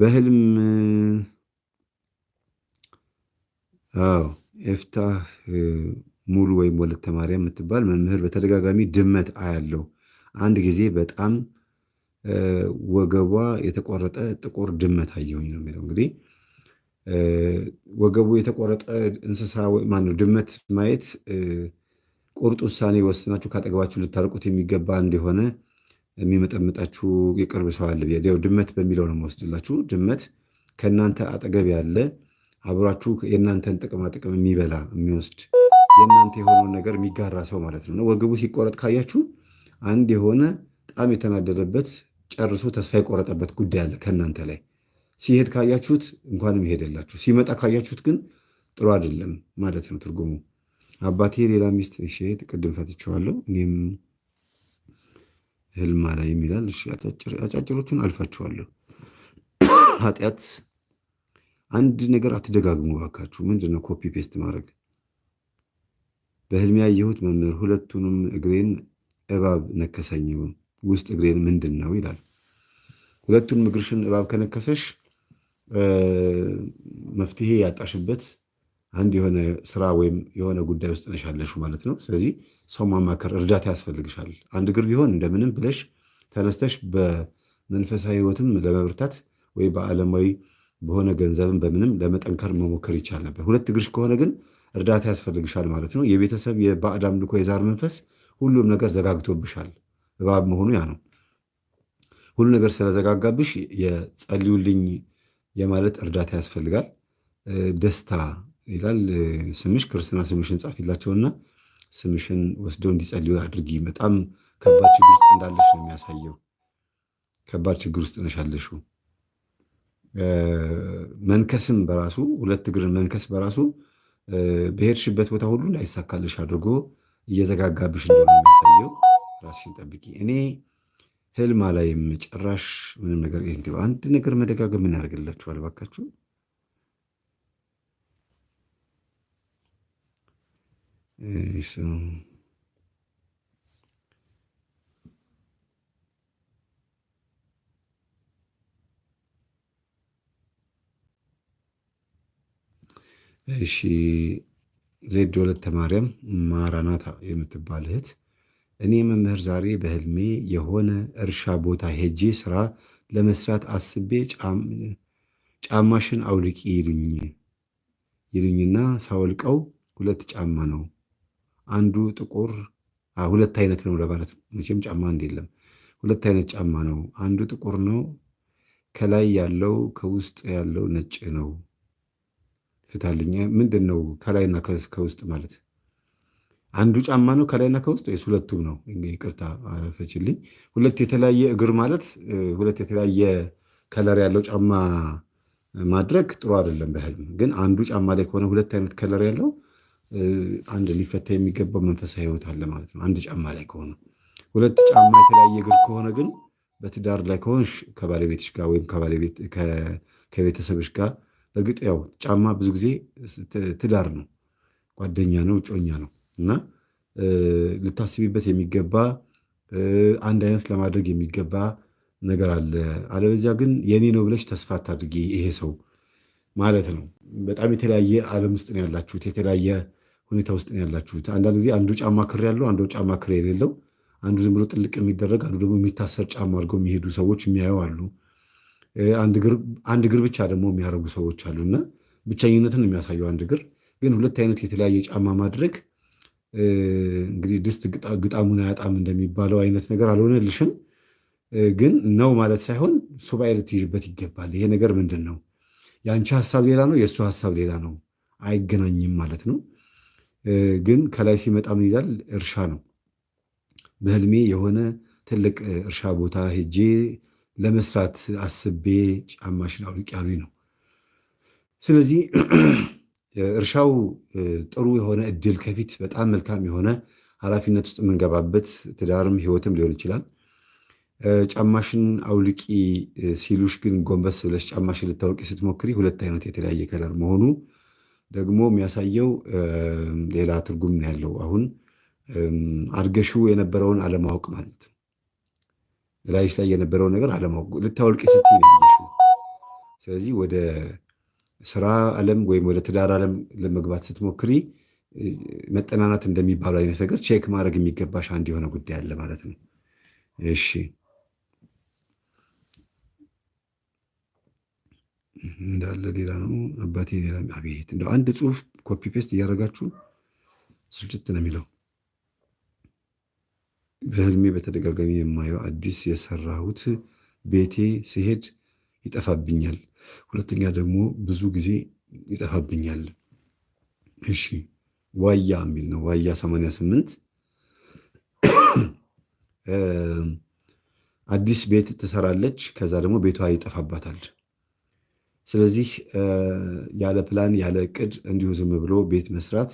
በህልም አዎ ኤፍታህ ሙሉ ወይም ወለተ ማርያም የምትባል መምህር በተደጋጋሚ ድመት አያለው። አንድ ጊዜ በጣም ወገቧ የተቆረጠ ጥቁር ድመት አየሁኝ ነው የሚለው። እንግዲህ ወገቡ የተቆረጠ እንስሳ ማነው ድመት ማየት ቁርጥ ውሳኔ ወስናችሁ ካጠገባችሁ ልታርቁት የሚገባ እንደሆነ የሚመጠምጣችሁ የቅርብ ሰው አለ። ያው ድመት በሚለው ነው የምወስድላችሁ። ድመት ከእናንተ አጠገብ ያለ አብሯችሁ የእናንተን ጥቅማጥቅም የሚበላ የሚወስድ የእናንተ የሆነውን ነገር የሚጋራ ሰው ማለት ነው። ወገቡ ሲቆረጥ ካያችሁ አንድ የሆነ በጣም የተናደደበት ጨርሶ ተስፋ የቆረጠበት ጉዳይ አለ ከእናንተ ላይ ሲሄድ ካያችሁት እንኳንም ይሄደላችሁ፣ ሲመጣ ካያችሁት ግን ጥሩ አይደለም ማለት ነው ትርጉሙ። አባቴ ሌላ ሚስት ቅድም ፈትቼዋለሁ እኔም ህልማ ላይ የሚላል አጫጭሮቹን አልፋችኋለሁ። ኃጢአት አንድ ነገር አትደጋግሙ ባካችሁ። ምንድነው ኮፒ ፔስት ማድረግ? በህልም ያየሁት መምህር ሁለቱንም እግሬን እባብ ነከሰኝ፣ ውስጥ እግሬን ምንድን ነው ይላል። ሁለቱንም እግርሽን እባብ ከነከሰሽ መፍትሄ ያጣሽበት አንድ የሆነ ስራ ወይም የሆነ ጉዳይ ውስጥ ነሻለሹ ማለት ነው። ስለዚህ ሰው ማማከር እርዳታ ያስፈልግሻል። አንድ እግር ቢሆን እንደምንም ብለሽ ተነስተሽ በመንፈሳዊ ህይወትም ለመብርታት ወይ በዓለማዊ በሆነ ገንዘብም በምንም ለመጠንከር መሞከር ይቻል ነበር። ሁለት እግርሽ ከሆነ ግን እርዳታ ያስፈልግሻል ማለት ነው። የቤተሰብ የባዕድ አምልኮ፣ የዛር መንፈስ፣ ሁሉም ነገር ዘጋግቶብሻል። እባብ መሆኑ ያ ነው። ሁሉ ነገር ስለዘጋጋብሽ የጸልዩልኝ የማለት እርዳታ ያስፈልጋል። ደስታ ይላል ስምሽ ክርስትና ስምሽን ጻፊላቸውና ስምሽን ወስደው እንዲጸልዩ አድርጊ። በጣም ከባድ ችግር ውስጥ እንዳለሽ ነው የሚያሳየው። ከባድ ችግር ውስጥ ነሻለሹ። መንከስም በራሱ ሁለት እግርን መንከስ በራሱ በሄድሽበት ቦታ ሁሉ ላይሳካልሽ አድርጎ እየዘጋጋብሽ እንደሆነ የሚያሳየው። ራስሽን ጠብቂ። እኔ ህልማ አላይም ጭራሽ ምንም ነገር። አንድ ነገር መደጋገም ምን ያደርግላችኋል? እባካችሁ Isso. እሺ ዘይድ ወለተ ማርያም ማራናታ የምትባል እህት፣ እኔ መምህር ዛሬ በህልሜ የሆነ እርሻ ቦታ ሄጄ ስራ ለመስራት አስቤ ጫማሽን አውልቂ ይሉኝ ይሉኝና ሳወልቀው ሁለት ጫማ ነው። አንዱ ጥቁር ሁለት አይነት ነው ለማለት ነው። መቼም ጫማ አንድ የለም፣ ሁለት አይነት ጫማ ነው። አንዱ ጥቁር ነው ከላይ ያለው ከውስጥ ያለው ነጭ ነው። ፍታልኝ ምንድን ነው ከላይና ከውስጥ ማለት? አንዱ ጫማ ነው ከላይና ከውስጥ ወይስ ሁለቱም ነው? ይቅርታ ፈችልኝ። ሁለት የተለያየ እግር ማለት ሁለት የተለያየ ከለር ያለው ጫማ ማድረግ ጥሩ አይደለም። በህልም ግን አንዱ ጫማ ላይ ከሆነ ሁለት አይነት ከለር ያለው አንድ ሊፈታ የሚገባው መንፈሳዊ ህይወት አለ ማለት ነው። አንድ ጫማ ላይ ከሆነ ሁለት ጫማ የተለያየ እግር ከሆነ ግን በትዳር ላይ ከሆንሽ ከባለቤትሽ ጋር ወይም ከቤተሰብሽ ጋር እርግጥ ያው ጫማ ብዙ ጊዜ ትዳር ነው፣ ጓደኛ ነው፣ እጮኛ ነው እና ልታስቢበት የሚገባ አንድ አይነት ለማድረግ የሚገባ ነገር አለ። አለበዚያ ግን የኔ ነው ብለሽ ተስፋ አታድርጊ ይሄ ሰው ማለት ነው። በጣም የተለያየ ዓለም ውስጥ ነው ያላችሁት፣ የተለያየ ሁኔታ ውስጥ ነው ያላችሁት። አንዳንድ ጊዜ አንዱ ጫማ ክር ያለው፣ አንዱ ጫማ ክር የሌለው፣ አንዱ ዝም ብሎ ጥልቅ የሚደረግ አንዱ ደግሞ የሚታሰር ጫማ አድርገው የሚሄዱ ሰዎች የሚያዩ አሉ። አንድ እግር ብቻ ደግሞ የሚያደርጉ ሰዎች እና ብቸኝነትን የሚያሳየው አንድ እግር ግን ሁለት አይነት የተለያየ ጫማ ማድረግ እንግዲህ ድስት ግጣሙን አያጣም እንደሚባለው አይነት ነገር አልሆነልሽም። ግን ነው ማለት ሳይሆን ሱባኤ ልትይዥበት ይገባል። ይሄ ነገር ምንድን ነው? የአንቺ ሀሳብ ሌላ ነው፣ የእሱ ሀሳብ ሌላ ነው። አይገናኝም ማለት ነው። ግን ከላይ ሲመጣ ምን ይላል? እርሻ ነው። በህልሜ የሆነ ትልቅ እርሻ ቦታ ሄጄ ለመስራት አስቤ ጫማሽን አውልቅ ያሉኝ ነው። ስለዚህ እርሻው ጥሩ የሆነ እድል ከፊት በጣም መልካም የሆነ ኃላፊነት ውስጥ የምንገባበት ትዳርም ህይወትም ሊሆን ይችላል ጫማሽን አውልቂ ሲሉሽ ግን ጎንበስ ብለሽ ጫማሽን ልታወልቂ ስትሞክሪ ሁለት አይነት የተለያየ ከለር መሆኑ ደግሞ የሚያሳየው ሌላ ትርጉም ነው ያለው። አሁን አድገሹ የነበረውን አለማወቅ ማለት ነው። ላይሽ ላይ የነበረውን ነገር አለማወቅ ልታወልቂ ስት ስለዚህ ወደ ስራ አለም ወይም ወደ ትዳር አለም ለመግባት ስትሞክሪ መጠናናት እንደሚባሉ አይነት ነገር ቼክ ማድረግ የሚገባሽ አንድ የሆነ ጉዳይ አለ ማለት ነው። እሺ እንዳለ ሌላ ነው። አባቴ ሌላ አቤት እንደ አንድ ጽሁፍ ኮፒ ፔስት እያደረጋችሁ ስልጭት ነው የሚለው። በህልሜ በተደጋጋሚ የማየው አዲስ የሰራሁት ቤቴ ስሄድ ይጠፋብኛል። ሁለተኛ ደግሞ ብዙ ጊዜ ይጠፋብኛል። እሺ ዋያ የሚል ነው። ዋያ 88 አዲስ ቤት ትሰራለች። ከዛ ደግሞ ቤቷ ይጠፋባታል። ስለዚህ ያለ ፕላን ያለ እቅድ እንዲሁ ዝም ብሎ ቤት መስራት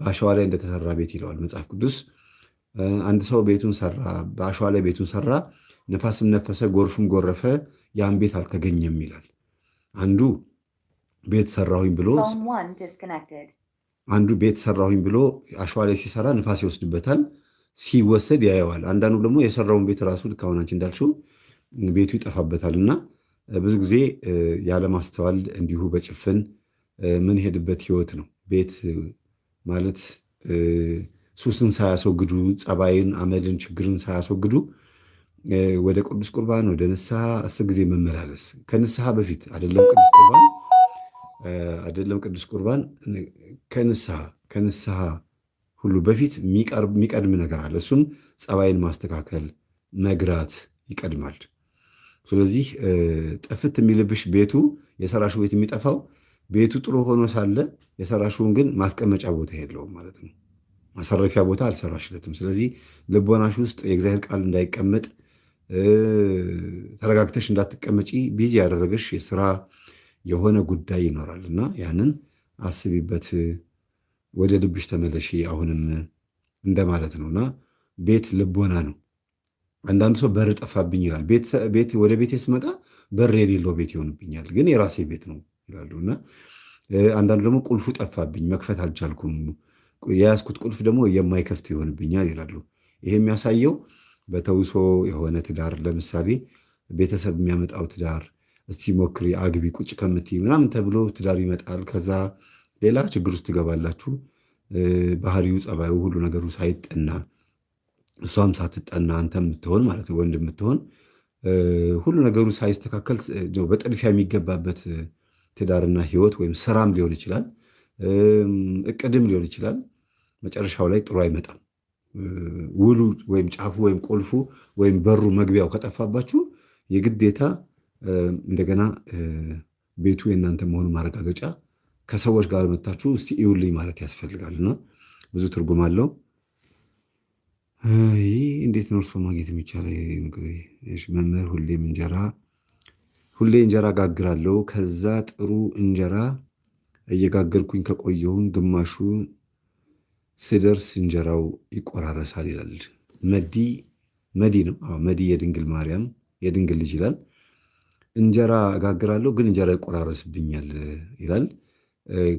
በአሸዋ ላይ እንደተሰራ ቤት ይለዋል መጽሐፍ ቅዱስ። አንድ ሰው ቤቱን ሰራ፣ በአሸዋ ላይ ቤቱን ሰራ፣ ነፋስም ነፈሰ፣ ጎርፍም ጎረፈ፣ ያን ቤት አልተገኘም ይላል። አንዱ ቤት ሰራሁኝ ብሎ አንዱ ቤት ሰራሁኝ ብሎ አሸዋ ላይ ሲሰራ ንፋስ ይወስድበታል፣ ሲወሰድ ያየዋል። አንዳንዱ ደግሞ የሰራውን ቤት ራሱ ልክ አሁናችን እንዳልሽው ቤቱ ይጠፋበታል እና ብዙ ጊዜ ያለማስተዋል እንዲሁ በጭፍን ምን ሄድበት ህይወት ነው። ቤት ማለት ሱስን ሳያስወግዱ ጸባይን፣ አመልን፣ ችግርን ሳያስወግዱ ወደ ቅዱስ ቁርባን ወደ ንስሐ አስር ጊዜ መመላለስ ከንስሐ በፊት አይደለም ቅዱስ ቁርባን አይደለም ቅዱስ ቁርባን ከንስሐ ከንስሐ ሁሉ በፊት የሚቀድም ነገር አለ። እሱም ጸባይን ማስተካከል መግራት ይቀድማል። ስለዚህ ጥፍት የሚልብሽ ቤቱ የሰራሹ ቤት የሚጠፋው ቤቱ ጥሩ ሆኖ ሳለ የሰራሹን ግን ማስቀመጫ ቦታ የለውም ማለት ነው። ማሳረፊያ ቦታ አልሰራሽለትም። ስለዚህ ልቦናሽ ውስጥ የእግዚአብሔር ቃል እንዳይቀመጥ ተረጋግተሽ እንዳትቀመጪ ቢዚ ያደረገሽ የስራ የሆነ ጉዳይ ይኖራል እና ያንን አስቢበት፣ ወደ ልብሽ ተመለሺ አሁንም እንደማለት ነውና ቤት ልቦና ነው። አንዳንድ ሰው በር ጠፋብኝ ይላል። ወደ ቤቴ ስመጣ በር የሌለው ቤት ይሆንብኛል፣ ግን የራሴ ቤት ነው ይላሉ እና አንዳንዱ ደግሞ ቁልፉ ጠፋብኝ መክፈት አልቻልኩም፣ የያዝኩት ቁልፍ ደግሞ የማይከፍት ይሆንብኛል ይላሉ። ይሄ የሚያሳየው በተውሶ የሆነ ትዳር ለምሳሌ ቤተሰብ የሚያመጣው ትዳር እስቲ ሞክሪ አግቢ ቁጭ ከምትይ ምናምን ተብሎ ትዳር ይመጣል። ከዛ ሌላ ችግር ውስጥ ትገባላችሁ። ባህሪው፣ ጸባዩ፣ ሁሉ ነገሩ ሳይጠና እሷም ሳትጠና አንተ የምትሆን ማለት ነው ወንድ የምትሆን ሁሉ ነገሩ ሳይስተካከል በጥድፊያ የሚገባበት ትዳርና ህይወት ወይም ስራም ሊሆን ይችላል፣ እቅድም ሊሆን ይችላል። መጨረሻው ላይ ጥሩ አይመጣም። ውሉ ወይም ጫፉ ወይም ቁልፉ ወይም በሩ መግቢያው ከጠፋባችሁ የግዴታ እንደገና ቤቱ የእናንተ መሆኑ ማረጋገጫ ከሰዎች ጋር መታችሁ እስቲ ይውልኝ ማለት ያስፈልጋልና ብዙ ትርጉም አለው። ይህ እንዴት ነው እርሶን ማግኘት የሚቻለው? መምህር ሁሌም እንጀራ ሁሌ እንጀራ ጋግራለሁ። ከዛ ጥሩ እንጀራ እየጋገርኩኝ ከቆየውን ግማሹ ስደርስ እንጀራው ይቆራረሳል ይላል። መዲ መዲ ነው መዲ የድንግል ማርያም የድንግል ልጅ ይላል። እንጀራ ጋግራለሁ ግን እንጀራ ይቆራረስብኛል ይላል።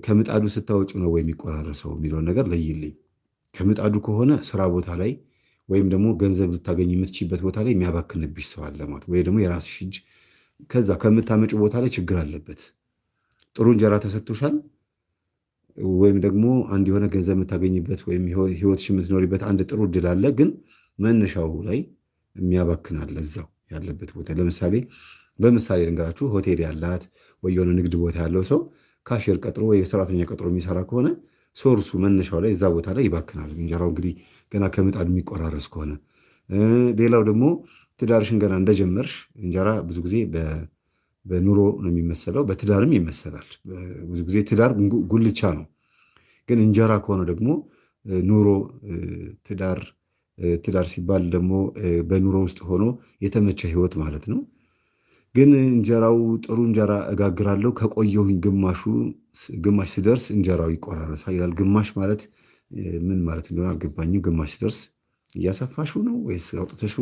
ከምጣዱ ስታወጩ ነው ወይም የሚቆራረሰው የሚለውን ነገር ለይልኝ። ከምጣዱ ከሆነ ስራ ቦታ ላይ ወይም ደግሞ ገንዘብ ልታገኝ የምትችበት ቦታ ላይ የሚያባክንብሽ ሰው አለ ማለት ወይ ደግሞ የራስሽ እጅ ከዛ ከምታመጪው ቦታ ላይ ችግር አለበት። ጥሩ እንጀራ ተሰጥቶሻል ወይም ደግሞ አንድ የሆነ ገንዘብ የምታገኝበት ወይም ህይወትሽ የምትኖሪበት አንድ ጥሩ እድል አለ። ግን መነሻው ላይ የሚያባክናል እዛው ያለበት ቦታ ለምሳሌ በምሳሌ ልንገራችሁ፣ ሆቴል ያላት ወይ የሆነ ንግድ ቦታ ያለው ሰው ካሽር ቀጥሮ ወይ ሰራተኛ ቀጥሮ የሚሰራ ከሆነ ሶርሱ መነሻው ላይ እዛ ቦታ ላይ ይባክናል። እንጀራው እንግዲህ ገና ከምጣድ የሚቆራረስ ከሆነ ሌላው ደግሞ ትዳርሽን ገና እንደጀመርሽ እንጀራ ብዙ ጊዜ በኑሮ ነው የሚመሰለው፣ በትዳርም ይመሰላል። ብዙ ጊዜ ትዳር ጉልቻ ነው። ግን እንጀራ ከሆነ ደግሞ ኑሮ ትዳር ትዳር ሲባል ደግሞ በኑሮ ውስጥ ሆኖ የተመቸ ህይወት ማለት ነው። ግን እንጀራው ጥሩ እንጀራ እጋግራለሁ ከቆየሁኝ ግማሹ ግማሽ ሲደርስ እንጀራው ይቆራረሳል ይላል። ግማሽ ማለት ምን ማለት እንደሆነ አልገባኝም። ግማሽ ሲደርስ እያሰፋሹ ነው ወይስ አውጥተሹ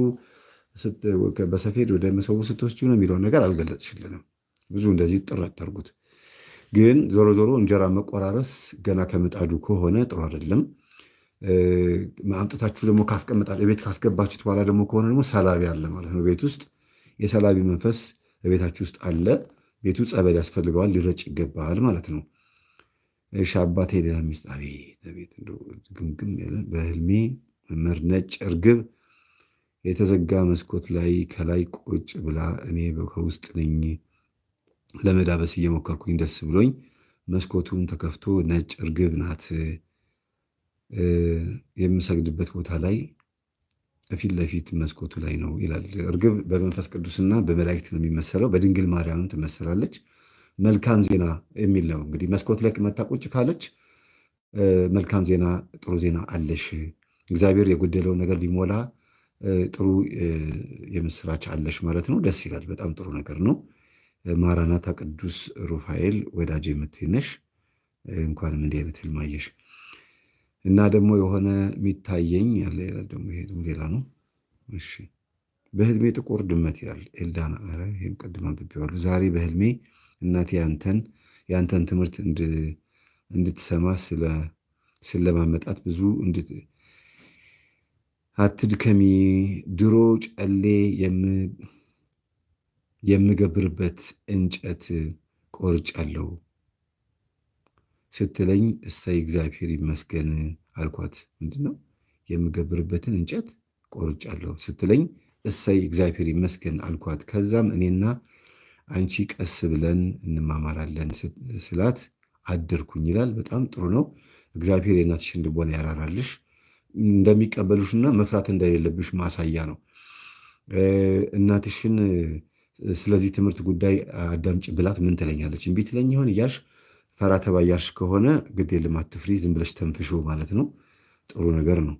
በሰፌድ ወደ መሰቡ ስትወስጂ ነው የሚለውን ነገር አልገለጽሽልንም። ብዙ እንደዚህ ጥረት ታርጉት። ግን ዞሮ ዞሮ እንጀራ መቆራረስ ገና ከምጣዱ ከሆነ ጥሩ አይደለም። አምጥታችሁ ደግሞ ካስቀምጣ ቤት ካስገባችሁት በኋላ ደግሞ ከሆነ ደግሞ ሰላቢ አለ ማለት ነው ቤት ውስጥ የሰላቢ መንፈስ በቤታችሁ ውስጥ አለ። ቤቱ ጸበል ያስፈልገዋል፣ ሊረጭ ይገባል ማለት ነው። እሺ አባቴ ሌላ ሚስት አቤት አቤት ግምግም ያለ በህልሜ መምህር ነጭ እርግብ የተዘጋ መስኮት ላይ ከላይ ቁጭ ብላ እኔ ከውስጥ ነኝ ለመዳበስ እየሞከርኩኝ ደስ ብሎኝ መስኮቱን ተከፍቶ ነጭ እርግብ ናት የምሰግድበት ቦታ ላይ ፊት ለፊት መስኮቱ ላይ ነው ይላል። እርግብ በመንፈስ ቅዱስና በመላእክት ነው የሚመሰለው፣ በድንግል ማርያምም ትመሰላለች። መልካም ዜና የሚል ነው እንግዲህ። መስኮት ላይ መታ ቁጭ ካለች መልካም ዜና፣ ጥሩ ዜና አለሽ፣ እግዚአብሔር የጎደለውን ነገር ሊሞላ ጥሩ የምስራች አለሽ ማለት ነው። ደስ ይላል። በጣም ጥሩ ነገር ነው። ማራናታ ቅዱስ ሩፋኤል ወዳጅ የምትነሽ እንኳንም እንዲህ አይነት ህልም አየሽ። እና ደግሞ የሆነ የሚታየኝ ያለ ደግሞ ይሄ ሌላ ነው። እሺ በህልሜ ጥቁር ድመት ይላል ኤልዳና። ኧረ ይህም ቅድም አንብቤዋለሁ። ዛሬ በህልሜ እናቴ ያንተን የአንተን ትምህርት እንድትሰማ ስለማመጣት ብዙ አትድከሚ፣ ድሮ ጨሌ የምገብርበት እንጨት ቆርጫለሁ ስትለኝ እሰይ እግዚአብሔር ይመስገን አልኳት። ነው የምገብርበትን እንጨት ቆርጫለሁ ስትለኝ እሰይ እግዚአብሔር ይመስገን አልኳት። ከዛም እኔና አንቺ ቀስ ብለን እንማማራለን ስላት አድርኩኝ ይላል። በጣም ጥሩ ነው። እግዚአብሔር የእናትሽን ልቦና ያራራልሽ፣ እንደሚቀበሉሽና መፍራት እንደሌለብሽ ማሳያ ነው። እናትሽን ስለዚህ ትምህርት ጉዳይ አዳምጭ ብላት ምን ትለኛለች? እምቢ ትለኝ ይሆን እያልሽ ፈራ ተባ ከሆነ ግዴ ልማት ትፍሪ ዝም ብለሽ ተንፍሾ ማለት ነው። ጥሩ ነገር ነው።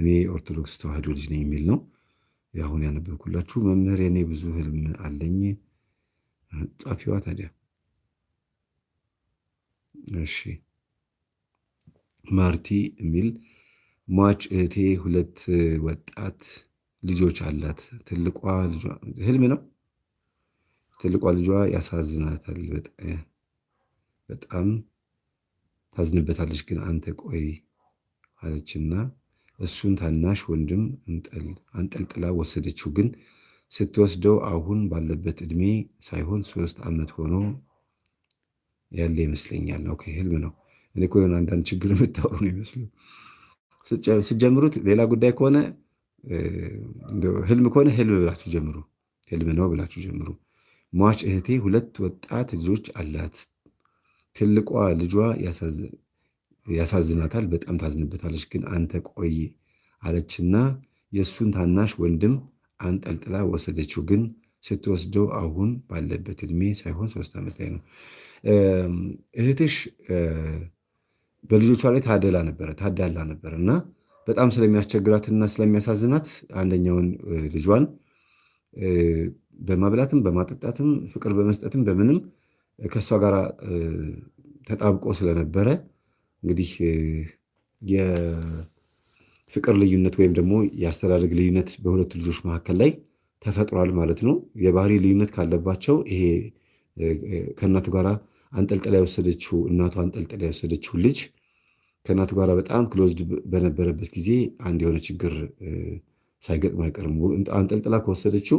እኔ ኦርቶዶክስ ተዋህዶ ልጅ ነኝ የሚል ነው። አሁን ያነበብኩላችሁ መምህር፣ የኔ ብዙ ህልም አለኝ። ጻፊዋ ታዲያ እሺ፣ ማርቲ የሚል ሟች እህቴ ሁለት ወጣት ልጆች አላት። ትልቋ ልጇ ህልም ነው። ትልቋ ልጇ ያሳዝናታል በጣም በጣም ታዝንበታለች። ግን አንተ ቆይ አለችና እሱን ታናሽ ወንድም አንጠልጥላ ወሰደችው። ግን ስትወስደው አሁን ባለበት እድሜ ሳይሆን ሶስት ዓመት ሆኖ ያለ ይመስለኛል። ነው ህልም ነው። እኔ እኮ የሆነ አንዳንድ ችግር የምታወሩ ነው ይመስለው። ስጀምሩት ሌላ ጉዳይ ከሆነ ህልም ከሆነ ህልም ብላችሁ ጀምሩ። ህልም ነው ብላችሁ ጀምሩ። ሟች እህቴ ሁለት ወጣት ልጆች አላት። ትልቋ ልጇ ያሳዝናታል፣ በጣም ታዝንበታለች። ግን አንተ ቆይ አለችና የእሱን ታናሽ ወንድም አንጠልጥላ ወሰደችው። ግን ስትወስደው አሁን ባለበት እድሜ ሳይሆን ሶስት ዓመት ላይ ነው። እህትሽ በልጆቿ ላይ ታደላ ነበረ ታዳላ ነበረ እና በጣም ስለሚያስቸግራትና ስለሚያሳዝናት አንደኛውን ልጇን በማብላትም በማጠጣትም ፍቅር በመስጠትም በምንም ከእሷ ጋር ተጣብቆ ስለነበረ እንግዲህ የፍቅር ልዩነት ወይም ደግሞ የአስተዳደግ ልዩነት በሁለቱ ልጆች መካከል ላይ ተፈጥሯል ማለት ነው። የባህሪ ልዩነት ካለባቸው ይሄ ከእናቱ ጋር አንጠልጥላ የወሰደችው እናቱ አንጠልጥላ የወሰደችው ልጅ ከእናቱ ጋር በጣም ክሎዝድ በነበረበት ጊዜ አንድ የሆነ ችግር ሳይገጥም አይቀርም። አንጠልጥላ ከወሰደችው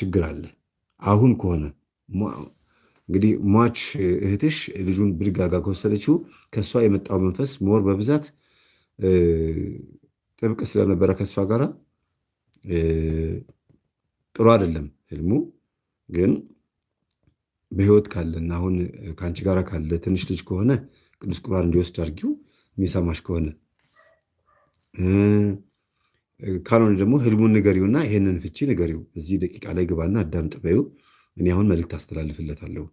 ችግር አለ። አሁን ከሆነ እንግዲህ ሟች እህትሽ ልጁን ብድጋጋ ከወሰደችው ከእሷ የመጣው መንፈስ ሞር በብዛት ጥብቅ ስለነበረ ከእሷ ጋር ጥሩ አይደለም ህልሙ። ግን በህይወት ካለና አሁን ከአንቺ ጋር ካለ ትንሽ ልጅ ከሆነ ቅዱስ ቁርባን እንዲወስድ አድርጊው የሚሰማሽ ከሆነ ካልሆነ ደግሞ ህልሙን ንገሪውና ይህንን ፍቺ ንገሪው። እዚህ ደቂቃ ላይ ግባና አዳምጥ በይው። እኔ አሁን መልእክት አስተላልፍለታለሁ።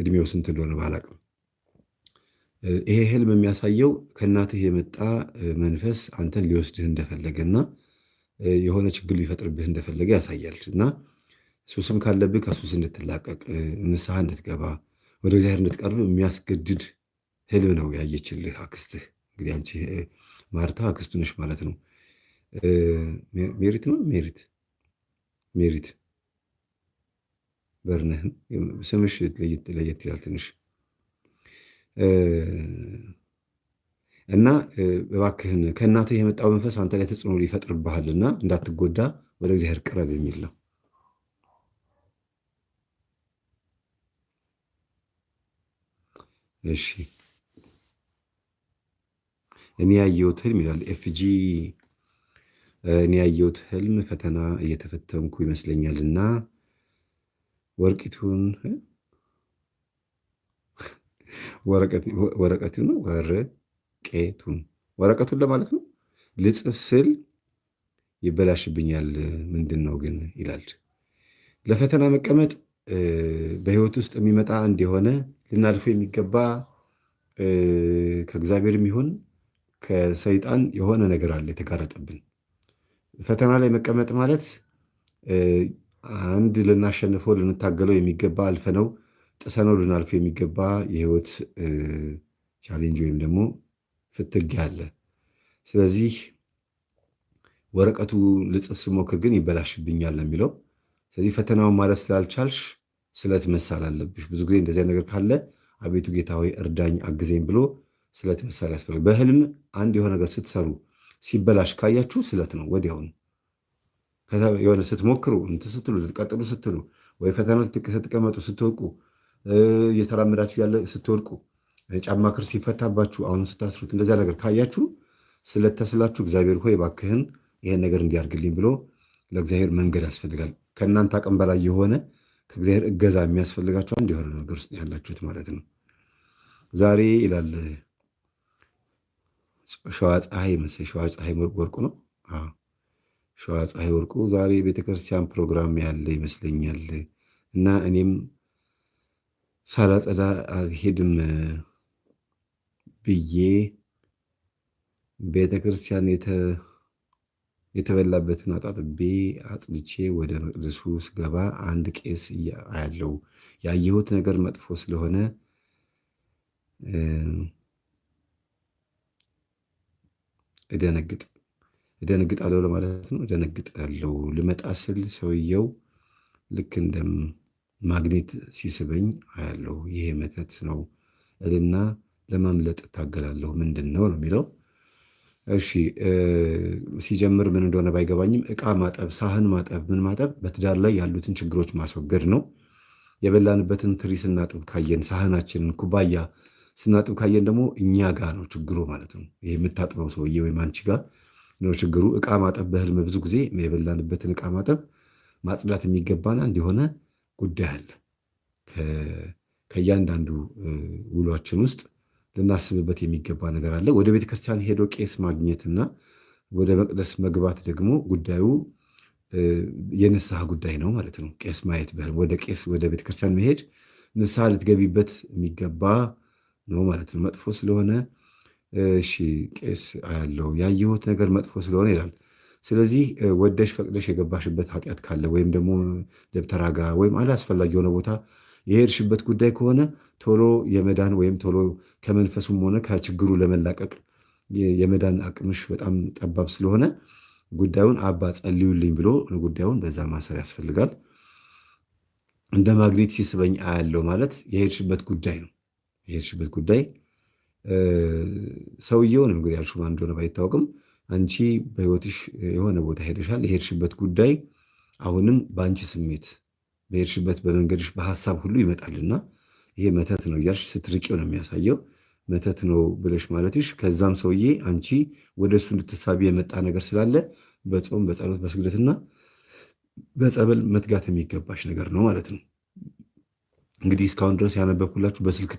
እድሜው ስንት እንደሆነ ባላቅም ይሄ ህልም የሚያሳየው ከእናትህ የመጣ መንፈስ አንተን ሊወስድህ እንደፈለገና የሆነ ችግር ሊፈጥርብህ እንደፈለገ ያሳያል እና ሱስም ካለብህ ከሱስ እንድትላቀቅ ንስሐ እንድትገባ ወደ እግዚአብሔር እንድትቀርብ የሚያስገድድ ህልም ነው ያየችልህ አክስትህ። እንግዲህ አንቺ ማርታ አክስቱ ነሽ ማለት ነው። ሜሪት ነው ሜሪት ሜሪት በርነህን ስምሽ ለየት ለየት ይላል ትንሽ እና እባክህን ከእናትህ የመጣው መንፈስ አንተ ላይ ተጽዕኖ ሊፈጥርብሃልና እንዳትጎዳ ወደ እግዚአብሔር ቅረብ የሚል ነው። እሺ እኔ ያየሁት ህልም ይላል ኤፍጂ። እኔ ያየሁት ህልም ፈተና እየተፈተንኩ ይመስለኛልና ወርቂቱን ወረቀቱን ወረቄቱን ወረቀቱን ለማለት ነው። ልጽፍ ስል ይበላሽብኛል። ምንድን ነው ግን ይላል። ለፈተና መቀመጥ በህይወት ውስጥ የሚመጣ እንደሆነ የሆነ ልናልፎ የሚገባ ከእግዚአብሔር የሚሆን ከሰይጣን የሆነ ነገር አለ የተጋረጠብን። ፈተና ላይ መቀመጥ ማለት አንድ ልናሸንፈው ልንታገለው የሚገባ አልፈ ነው ጥሰነው ልናልፉ የሚገባ የህይወት ቻሌንጅ ወይም ደግሞ ፍትጊያ አለ። ስለዚህ ወረቀቱ ልጽፍ ስሞክር ግን ይበላሽብኛል ነው የሚለው። ስለዚህ ፈተናውን ማለፍ ስላልቻልሽ ስለት መሳል አለብሽ። ብዙ ጊዜ እንደዚያ ነገር ካለ አቤቱ ጌታ ሆይ እርዳኝ፣ አግዘኝ ብሎ ስለት መሳል ያስፈልጋል። በህልም አንድ የሆነ ነገር ስትሰሩ ሲበላሽ ካያችሁ ስለት ነው ወዲያውን። የሆነ ስትሞክሩ እንትን ስትሉ ልትቀጥሉ ስትሉ ወይ ፈተና ስትቀመጡ ስትወቁ እየተራመዳችሁ ያለ ስትወድቁ ጫማ ክር ሲፈታባችሁ አሁን ስታስሩት እንደዚያ ነገር ካያችሁ ስለተስላችሁ እግዚአብሔር ሆይ እባክህን ይሄን ነገር እንዲያርግልኝ ብሎ ለእግዚአብሔር መንገድ ያስፈልጋል። ከእናንተ አቅም በላይ የሆነ ከእግዚአብሔር እገዛ የሚያስፈልጋችሁ አንድ የሆነ ነገር ውስጥ ያላችሁት ማለት ነው። ዛሬ ይላል ሸዋ ፀሐይ መሰለኝ ሸዋ ፀሐይ ወርቁ ነው። ሸዋ ፀሐይ ወርቁ ዛሬ የቤተክርስቲያን ፕሮግራም ያለ ይመስለኛል እና እኔም ሳላጸዳ አልሄድም ብዬ ቤተክርስቲያን የተበላበትን አጣጥቤ አጽድቼ ወደ መቅደሱ ስገባ አንድ ቄስ ያለው ያየሁት ነገር መጥፎ ስለሆነ እደነግጥ እደነግጣለሁ ለማለት ነው። እደነግጣለሁ ልመጣ ስል ሰውየው ልክ እንደ ማግኔት ሲስበኝ አያለሁ። ይሄ መተት ነው እልና ለማምለጥ እታገላለሁ። ምንድን ነው ነው የሚለው። እሺ ሲጀምር ምን እንደሆነ ባይገባኝም እቃ ማጠብ፣ ሳህን ማጠብ፣ ምን ማጠብ በትዳር ላይ ያሉትን ችግሮች ማስወገድ ነው። የበላንበትን ትሪ ስናጥብ ካየን፣ ሳህናችንን፣ ኩባያ ስናጥብ ካየን ደግሞ እኛ ጋ ነው ችግሩ ማለት ነው። ይህ የምታጥበው ሰውዬ ወይም አንቺ ጋር ነው ችግሩ። እቃ ማጠብ በህልም ብዙ ጊዜ የበላንበትን እቃ ማጠብ ማጽዳት የሚገባና እንዲሆነ ጉዳይ አለ። ከእያንዳንዱ ውሏችን ውስጥ ልናስብበት የሚገባ ነገር አለ። ወደ ቤተክርስቲያን ሄዶ ቄስ ማግኘትና ወደ መቅደስ መግባት ደግሞ ጉዳዩ የንስሐ ጉዳይ ነው ማለት ነው። ቄስ ማየት በህልም ወደ ቄስ ወደ ቤተክርስቲያን መሄድ ንስሐ ልትገቢበት የሚገባ ነው ማለት ነው። መጥፎ ስለሆነ እሺ ቄስ አያለው ያየሁት ነገር መጥፎ ስለሆነ ይላል። ስለዚህ ወደሽ ፈቅደሽ የገባሽበት ኃጢአት ካለ ወይም ደግሞ ደብተራ ጋ ወይም አላስፈላጊ የሆነ ቦታ የሄድሽበት ጉዳይ ከሆነ ቶሎ የመዳን ወይም ቶሎ ከመንፈሱም ሆነ ከችግሩ ለመላቀቅ የመዳን አቅምሽ በጣም ጠባብ ስለሆነ ጉዳዩን አባ ጸልዩልኝ ብሎ ጉዳዩን በዛ ማሰር ያስፈልጋል። እንደ ማግኔት ሲስበኝ አያለው ማለት የሄድሽበት ጉዳይ ነው። የሄድሽበት ጉዳይ ሰውየው ነው እንግዲህ ያልሽው ማን እንደሆነ ባይታወቅም አንቺ በህይወትሽ የሆነ ቦታ ሄደሻል። የሄድሽበት ጉዳይ አሁንም በአንቺ ስሜት በሄድሽበት በመንገድሽ በሀሳብ ሁሉ ይመጣልና ይሄ መተት ነው እያልሽ ስትርቂው ነው የሚያሳየው። መተት ነው ብለሽ ማለትሽ ከዛም ሰውዬ አንቺ ወደ እሱ እንድትሳቢ የመጣ ነገር ስላለ በጾም በጸሎት በስግደትና በጸበል መትጋት የሚገባሽ ነገር ነው ማለት ነው። እንግዲህ እስካሁን ድረስ ያነበብኩላችሁ በስልክ